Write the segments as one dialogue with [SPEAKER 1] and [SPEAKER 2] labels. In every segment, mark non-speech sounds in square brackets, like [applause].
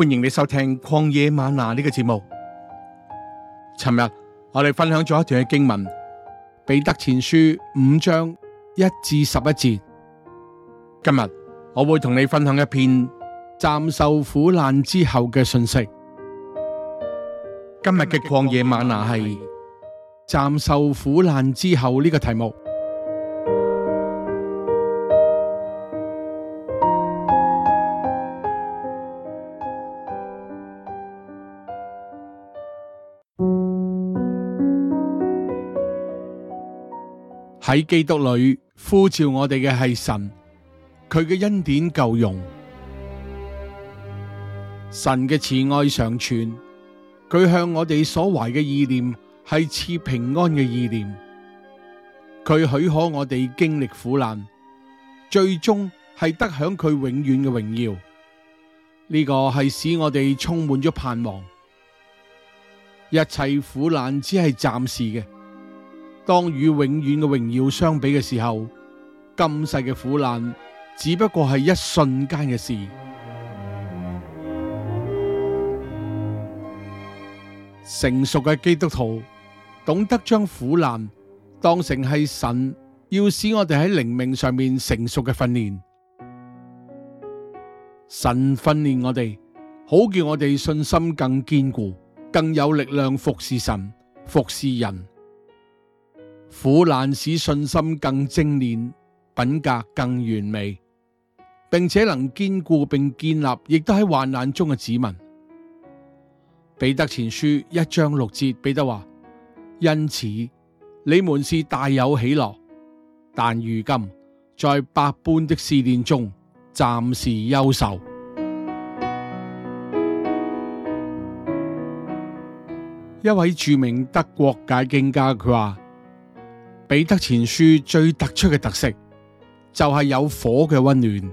[SPEAKER 1] 歡迎你收聽曠野嗎哪呢個節目。尋日我哋分享咗一段嘅經文，彼得前書五章一至十一節。今日我會同你分享一篇暫受苦難之後嘅信息。今日嘅曠野嗎哪係暫受苦難之後呢個題目。喺基督裏呼召我哋嘅係神，佢嘅恩典夠用，神嘅慈愛常存，佢向我哋所懷嘅意念係賜平安嘅意念，佢許可我哋經歷苦難，最終係得享佢永遠嘅榮耀。呢個係使我哋充滿咗盼望，一切苦難只係暫時嘅。當與永遠嘅榮耀相比嘅時候，今世嘅苦難只不過係一瞬間嘅事。成熟嘅基督徒懂得將苦難當成係神要使我哋喺靈命上面成熟嘅訓練。神訓練我哋，好叫我哋信心更堅固，更有力量服侍神、服侍人。苦難使信心更精煉，品格更完美，並且能堅固並建立，亦都喺患難中嘅指紋。彼得前書一章六節，彼得話：因此你們是大有喜樂，但如今在百般的試煉中，暫時憂愁。一位著名德國解經家佢話。彼得前書最突出嘅特色就係有火嘅溫暖。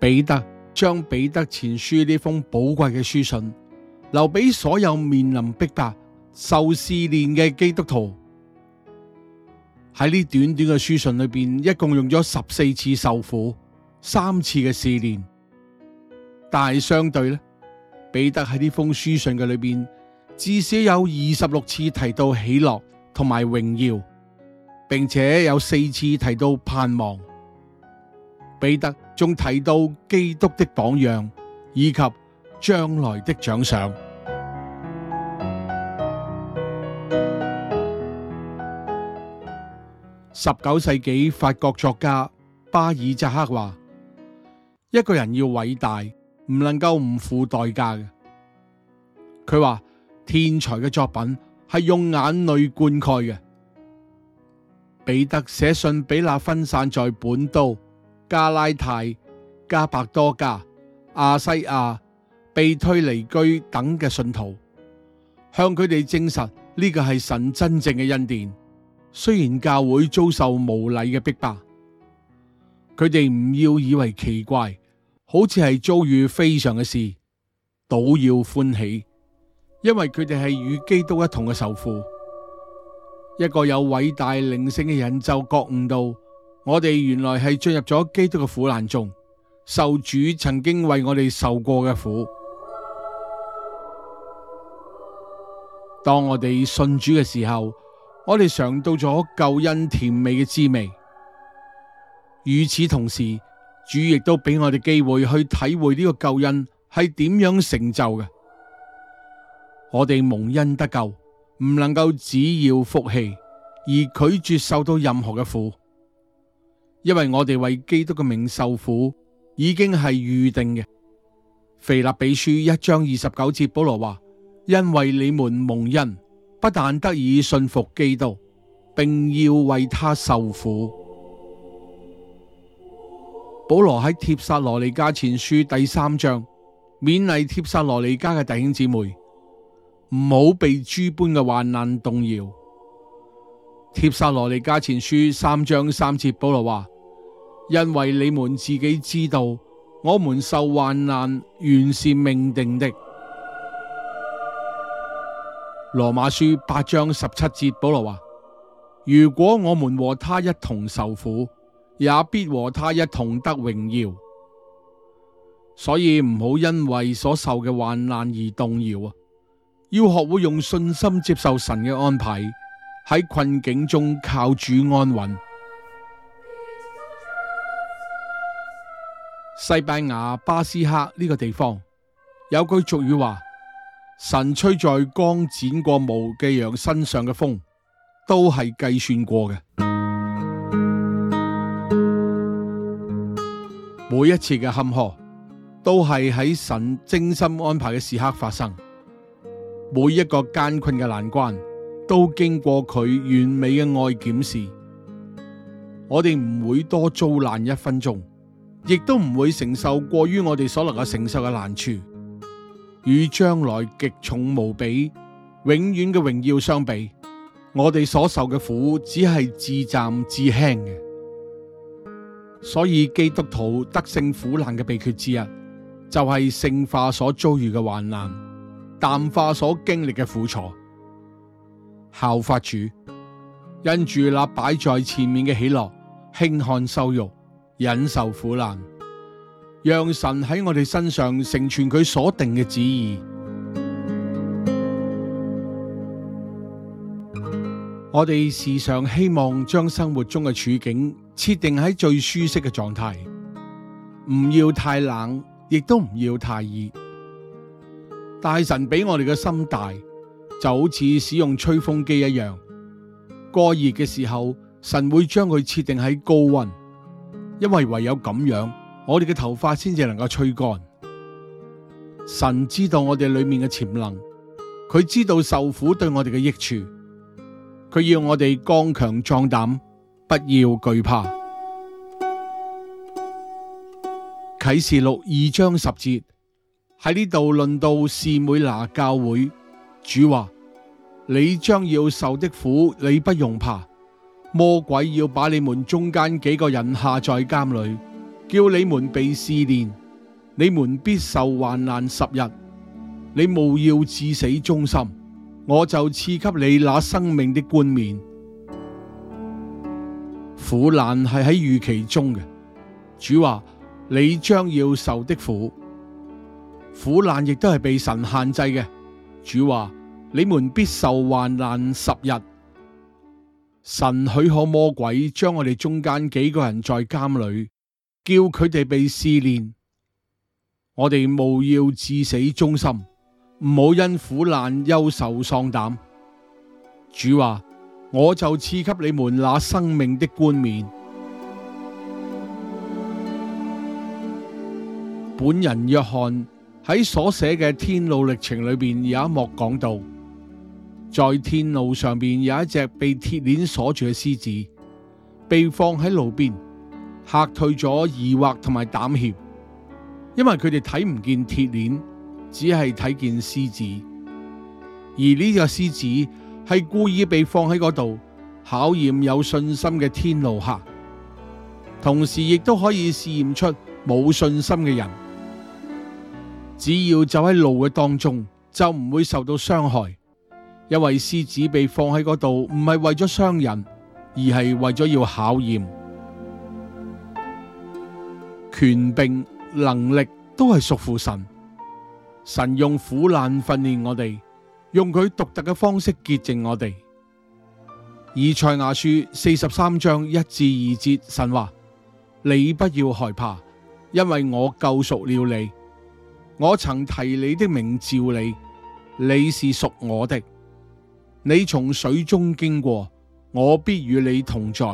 [SPEAKER 1] 彼得將彼得前書呢封寶貴嘅書信留俾所有面臨逼迫、受試煉嘅基督徒。喺呢短短嘅書信裏邊，一共用咗十四次受苦，三次嘅試煉。但係相對呢，彼得喺呢封書信嘅裏邊至少有二十六次提到喜樂同埋榮耀，並且有四次提到盼望。彼得仲提到基督的榜樣以及將來的獎賞。十九世紀法國作家巴爾扎克話：一個人要偉大，唔能夠唔付代價嘅。佢話天才嘅作品。係用眼淚灌溉嘅。彼得寫信俾那分散在本都、加拉太、加伯多加、亞西亞、被推離居等嘅信徒，向佢哋證實呢、這個係神真正嘅恩典。雖然教會遭受無禮嘅逼迫，佢哋唔要以為奇怪，好似係遭遇非常嘅事，倒要歡喜。.因為佢哋係與基督一同嘅受苦，一個有偉大靈性嘅人就覺悟到，我哋原來係進入咗基督嘅苦難中，受主曾經為我哋受過嘅苦。當我哋信主嘅時候，我哋嘗到咗救恩甜美嘅滋味。與此同時，主亦都畀我哋機會去體會呢個救恩係點樣成就嘅。我哋蒙恩得救，唔能夠只要福氣而拒絕受到任何嘅苦，因為我哋為基督嘅名受苦已經係預定嘅。腓立比書一章二十九節，保羅話：因為你們蒙恩，不但得以信服基督，並要為他受苦。保羅喺帖撒羅尼加前書第三章勉勵帖撒羅尼加嘅弟兄姊妹。唔好被諸般嘅患難動搖。帖撒羅尼迦前書三章三節，保羅話：因為你們自己知道，我們受患難原是命定的。羅馬書八章十七節，保羅話：如果我們和他一同受苦，也必和他一同得榮耀。所以唔好因為所受嘅患難而動搖啊！要學會用信心接受神嘅安排，喺困境中靠主安穩。西班牙巴斯克呢個地方有句俗語話：神吹在剛剪過毛嘅羊身上嘅風，都係計算過嘅。每一次嘅坎坷，都係喺神精心安排嘅時刻發生。每一個艱困嘅難關，都經過佢完美嘅愛檢視，我哋唔會多遭難一分鐘，亦都唔會承受過於我哋所能夠承受嘅難處。與將來極重無比、永遠嘅榮耀相比，我哋所受嘅苦只係至暫至輕嘅。所以基督徒得勝苦難嘅秘訣之一，就係聖化所遭遇嘅患難。淡化所經歷嘅苦楚，效法主，因住那擺在前面嘅喜樂，輕看羞辱，忍受苦難，讓神喺我哋身上成全佢所定嘅旨意。 [noise] 我哋時常希望將生活中嘅處境設定喺最舒適嘅狀態，唔要太冷，亦都唔要太熱。但神比我哋嘅心大，就好似使用吹風機一樣，過熱嘅時候，神會將佢設定喺高溫，因為唯有噉樣，我哋嘅頭髮先至能夠吹乾。神知道我哋裏面嘅潛能，佢知道受苦對我哋嘅益處，佢要我哋剛強壯膽，不要懼怕。啟示錄二章十節。喺呢度論到士每拿教會，主話：你將要受的苦，你不用怕。魔鬼要把你們中間幾個人下在監裏，叫你們被試煉，你們必受患難十日。你務要至死忠心，我就賜給你那生命的冠冕。苦難係喺預期中嘅。主話：你將要受的苦。苦難亦都係被神限制嘅。主話：你們必受患難十日。神許可魔鬼將我哋中間幾個人在監裏，叫佢哋被試煉。我哋務要至死忠心，唔好因苦難憂愁喪膽。主話：我就賜給你們那生命的冠冕。本人約翰。喺所寫嘅天路歷程裏邊，有一幕講到，在天路上邊有一隻被鐵鏈鎖住嘅獅子，被放喺路邊嚇退咗疑惑同埋膽怯，因為佢哋睇唔見鐵鏈，只係睇見獅子。而呢隻獅子係故意被放喺嗰度，考驗有信心嘅天路客，同時亦都可以試驗出冇信心嘅人。只要走喺路嘅當中，就唔會受到傷害，因為獅子被放喺嗰度，唔係為咗傷人，而係為咗要考驗。權柄、能力都係屬乎神。神用苦難訓練我哋，用佢獨特嘅方式潔淨我哋。以賽亞書四十三章一至二節，神話：你不要害怕，因為我救贖了你。我曾提你的名召你，你是屬我的。你從水中經過，我必與你同在。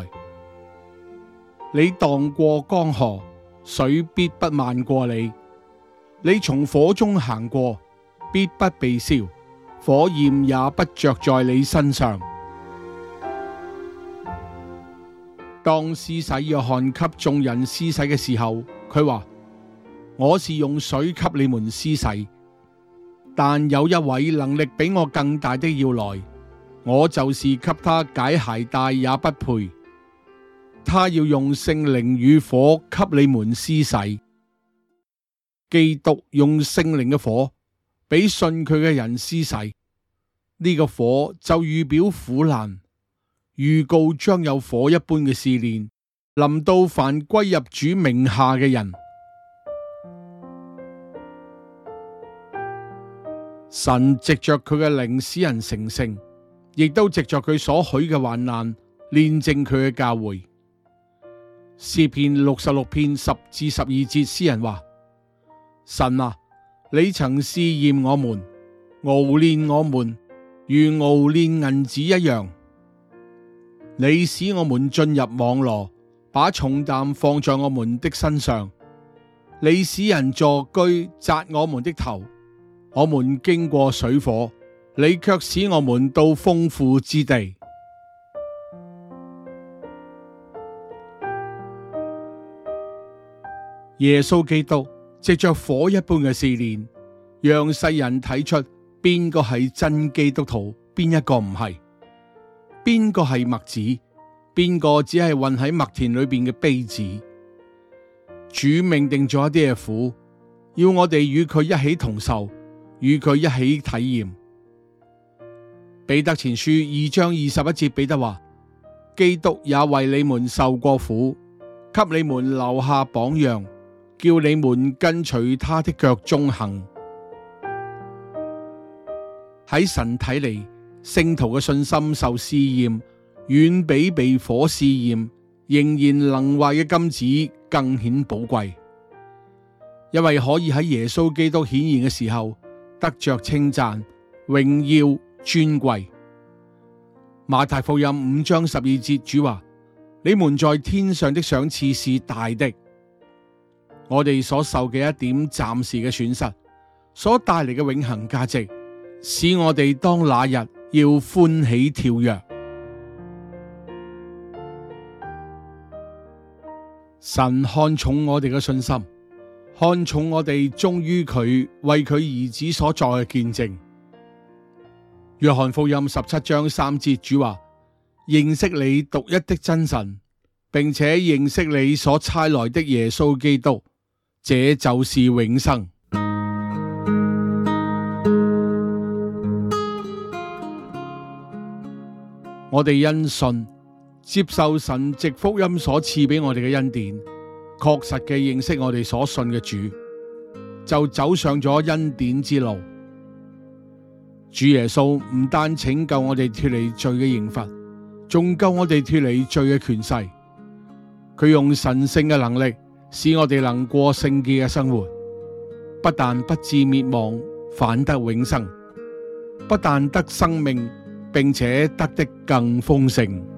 [SPEAKER 1] 你蕩過江河，水必不漫過你。你從火中行過，必不被燒，火焰也不着在你身上。當施洗約翰給眾人施洗嘅時候，佢話：我是用水給你們施洗，但有一位能力比我更大的要來，我就是給他解鞋帶也不配。他要用聖靈與火給你們施洗。基督用聖靈嘅火，俾信佢嘅人施洗。呢、這個火就預表苦難，預告將有火一般嘅試煉臨到凡歸入主名下嘅人。神藉着佢嘅靈，使人成聖，亦都藉着佢所許嘅患難，煉正佢嘅教會。詩篇六十六篇十至十二節，詩人話：神啊，你曾試驗我們，熬煉我們，如熬煉銀子一樣。你使我們進入網羅，把重擔放在我們的身上。你使人坐居砸我們的頭。我們經過水火，你卻使我們到豐富之地。耶穌基督借着火一般嘅試煉，讓世人睇出邊個係真基督徒，邊一個唔係，邊個係麥子，邊個只係混喺麥田裏面嘅稗子。主命定咗一啲嘅苦，要我哋與佢一起同受。與佢一起體驗《彼得前書》二章二十一節，彼得話：基督也為你們受過苦，給你們留下榜樣，叫你們跟隨他的腳蹤行。喺神睇嚟，聖徒嘅信心受試驗，遠比被火試驗仍然能壞嘅金子更顯寶貴，因為可以喺耶穌基督顯現嘅時候。得着稱讚、榮耀、尊貴。馬太福音五章十二節，主話：你們在天上的賞賜是大的。我哋所受嘅一點暫時嘅損失，所帶嚟嘅永恒價值，使我哋當那日要歡喜跳躍。神看重我哋嘅信心。看重我哋忠於佢，為佢兒子所在嘅見證。約翰福音十七章三節，主話：認識你獨一的真神，並且認識你所差來的耶穌基督，這就是永生。我哋因信接受神藉福音所賜畀我哋嘅恩典。確實嘅認識我哋所信嘅主，就走上咗恩典之路。主耶穌唔單拯救我哋脱離罪嘅刑罰，仲救我哋脱離罪嘅權勢。佢用神聖嘅能力，使我哋能過聖潔嘅生活。不但不致滅亡，反得永生；不但得生命，並且得的更豐盛。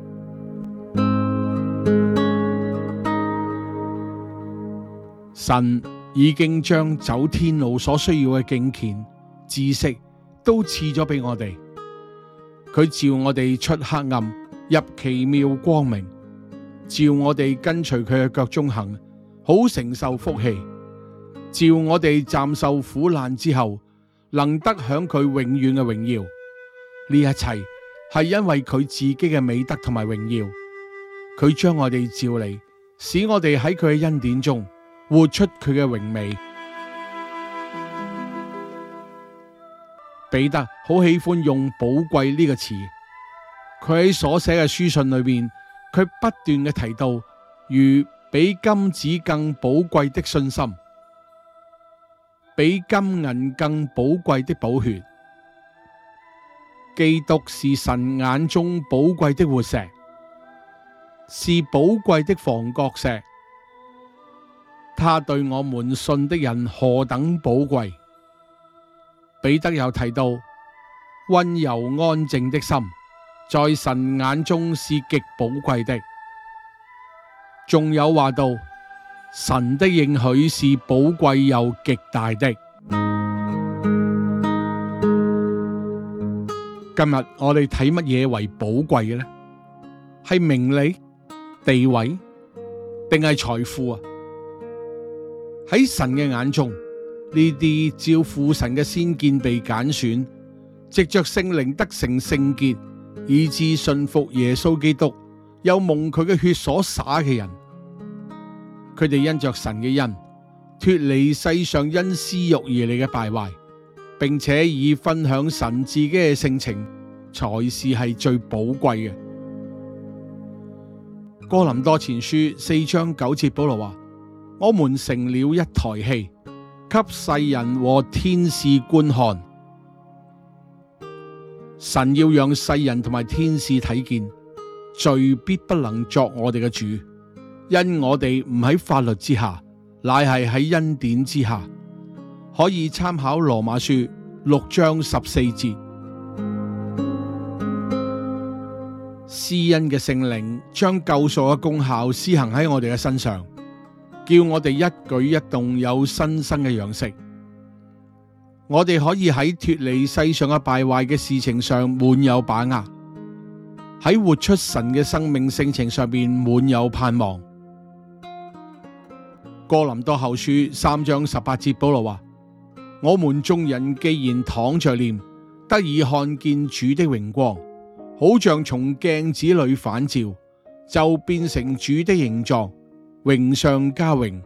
[SPEAKER 1] 神已經將走天路所需要嘅境虔敬虔知識都賜咗俾我哋。佢召我哋出黑暗入奇妙光明，召我哋跟隨佢嘅腳中行，好承受福氣；召我哋暫受苦難之後，能得享佢永遠嘅榮耀。呢一切係因為佢自己嘅美德同埋榮耀。佢將我哋召嚟，使我哋喺佢嘅恩典中。活出佢嘅榮美。彼得好喜歡用寶貴呢個詞，佢喺所寫嘅書信裏邊，佢不斷嘅提到，如比金子更寶貴的信心，比金銀更寶貴的寶血，基督是神眼中寶貴的活石，是寶貴的房角石。他對我們信的人何等寶貴。彼得又提到溫柔安靜的心，在神眼中是極寶貴的。仲有話到，神的應許是寶貴又極大的。今日我哋睇乜嘢為寶貴嘅呢？係名利、地位，定係財富啊？喺神嘅眼中，呢啲照父神嘅先見被揀選，藉着聖靈得成聖潔，以致信服耶穌基督，又蒙佢嘅血所灑嘅人，佢哋因着神嘅恩脫離世上因私欲而嚟嘅敗壞，並且以分享神自己嘅性情，才是係最寶貴嘅。哥林多前書四章九節保羅話。我們成了一台戲，給世人和天使觀看。神要讓世人同埋天使睇見，罪必不能作我哋嘅主，因我哋唔喺法律之下，乃係喺恩典之下。可以參考羅馬書六章十四節。施恩嘅聖靈將救贖嘅功效施行喺我哋嘅身上。叫我哋一舉一動有新生嘅樣式，我哋可以喺脫離世上嘅敗壞嘅事情上滿有把握，喺活出神嘅生命性情上面滿有盼望。哥林多後書三章十八節，保羅話：我們眾人既然敞着臉，得以看見主的榮光，好像從鏡子裏反照，就變成主的形狀。榮上加榮，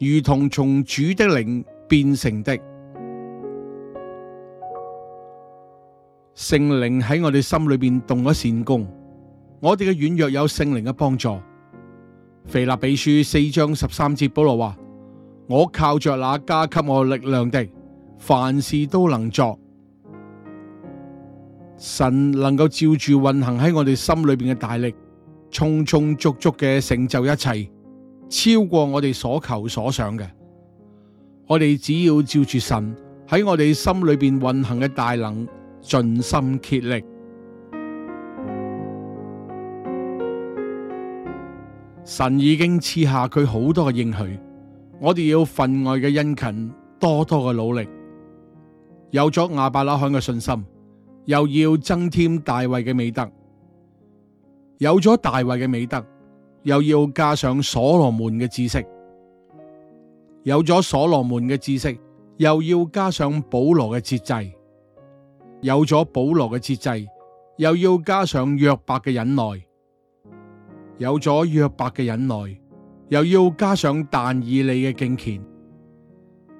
[SPEAKER 1] 如同從主的靈變成的。聖靈喺我哋心裏邊動咗善功，我哋嘅軟弱有聖靈嘅幫助。腓立比書四章十三節，保羅話：我靠着那加給我力量的，凡事都能作。神能夠照住運行喺我哋心裏邊嘅大力，充充足足嘅成就一切。超過我哋所求所想嘅，我哋只要照住神喺我哋心裏邊運行嘅大能，盡心竭力。神已經賜下佢好多嘅應許，我哋要分外嘅殷勤，多多嘅努力。有咗亞伯拉罕嘅信心，又要增添大衛嘅美德。有咗大衛嘅美德。又要加上所羅門嘅知識，有咗所羅門嘅知識，又要加上保羅嘅節制，有咗保羅嘅節制，又要加上約伯嘅忍耐，有咗約伯嘅忍耐，又要加上但以理嘅敬虔，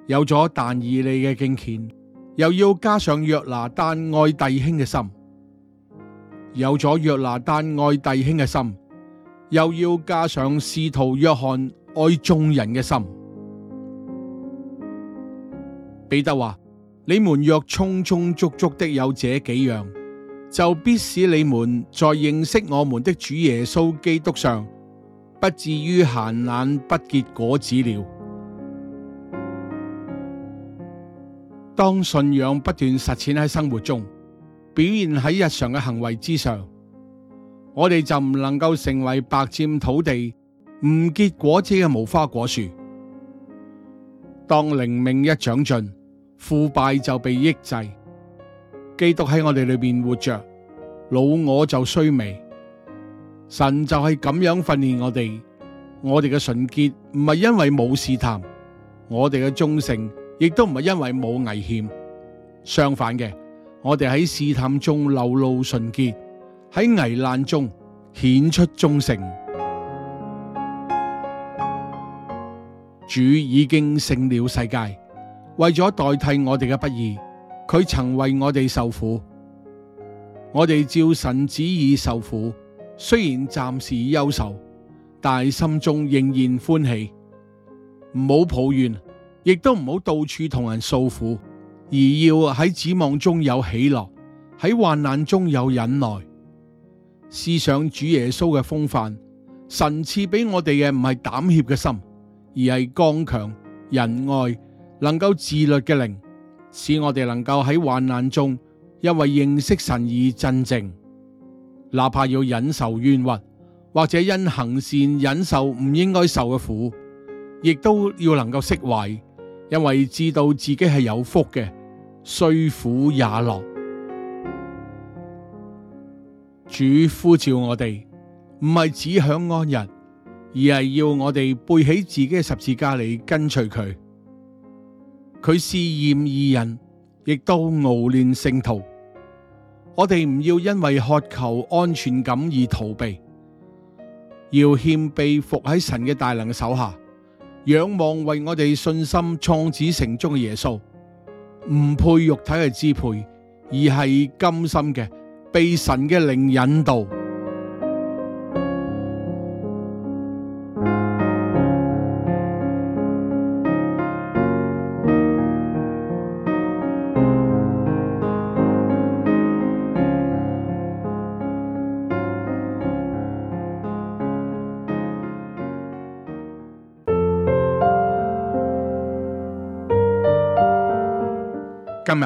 [SPEAKER 1] 有咗但以理嘅敬虔，又要加上約拿單愛弟兄嘅心，有咗約拿單愛弟兄嘅心。又要加上使徒約翰愛眾人嘅心。彼得話：你們若充充足足的有這幾樣，就必使你們在認識我們的主耶穌基督上，不至於閒懶不結果子了。當信仰不斷實踐喺生活中，表現喺日常嘅行為之上。我哋就唔能夠成為白佔土地，唔結果子嘅無花果樹。當靈命一長進，腐敗就被抑制。基督喺我哋裏面活着，老我就衰微。神就係咁樣訓練我哋。我哋嘅純潔唔係因為冇試探，我哋嘅忠誠亦都唔係因為冇危險。相反嘅，我哋喺試探中流露純潔。喺危難中顯出忠誠，主已經勝了世界，為咗代替我哋嘅不義，佢曾為我哋受苦。我哋照神旨意受苦，雖然暫時憂愁，但心中仍然歡喜。唔好抱怨，亦都唔好到處同人訴苦，而要喺指望中有喜樂，喺患難中有忍耐。思想主耶穌嘅風範，神賜俾我哋嘅唔係膽怯嘅心，而係剛強仁愛，能夠自律嘅靈，使我哋能夠喺患難中，因為認識神而鎮靜。哪怕要忍受冤屈，或者因行善忍受唔應該受嘅苦，亦都要能夠釋懷，因為知道自己係有福嘅，雖苦也樂。主呼召我哋，唔係只享安逸，而係要我哋背起自己嘅十字架嚟跟隨佢。佢試驗二人，亦都熬煉聖徒。我哋唔要因為渴求安全感而逃避，要謙卑服喺神嘅大能嘅手下，仰望為我哋信心創始成終嘅耶穌。唔配肉體嘅支配，而係甘心嘅。被神嘅靈引導。今日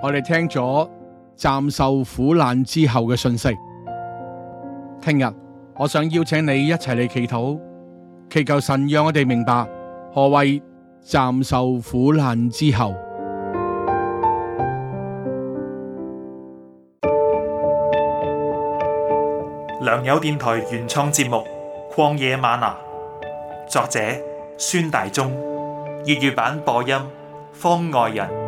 [SPEAKER 1] 我哋聽咗暫受苦難之後嘅信息，聽日我想邀請你一齊嚟祈禱，祈求神讓我哋明白何謂暫受苦難之後。良友電台原創節目《曠野嗎哪》，作者孫大中，粵語版播音方外人。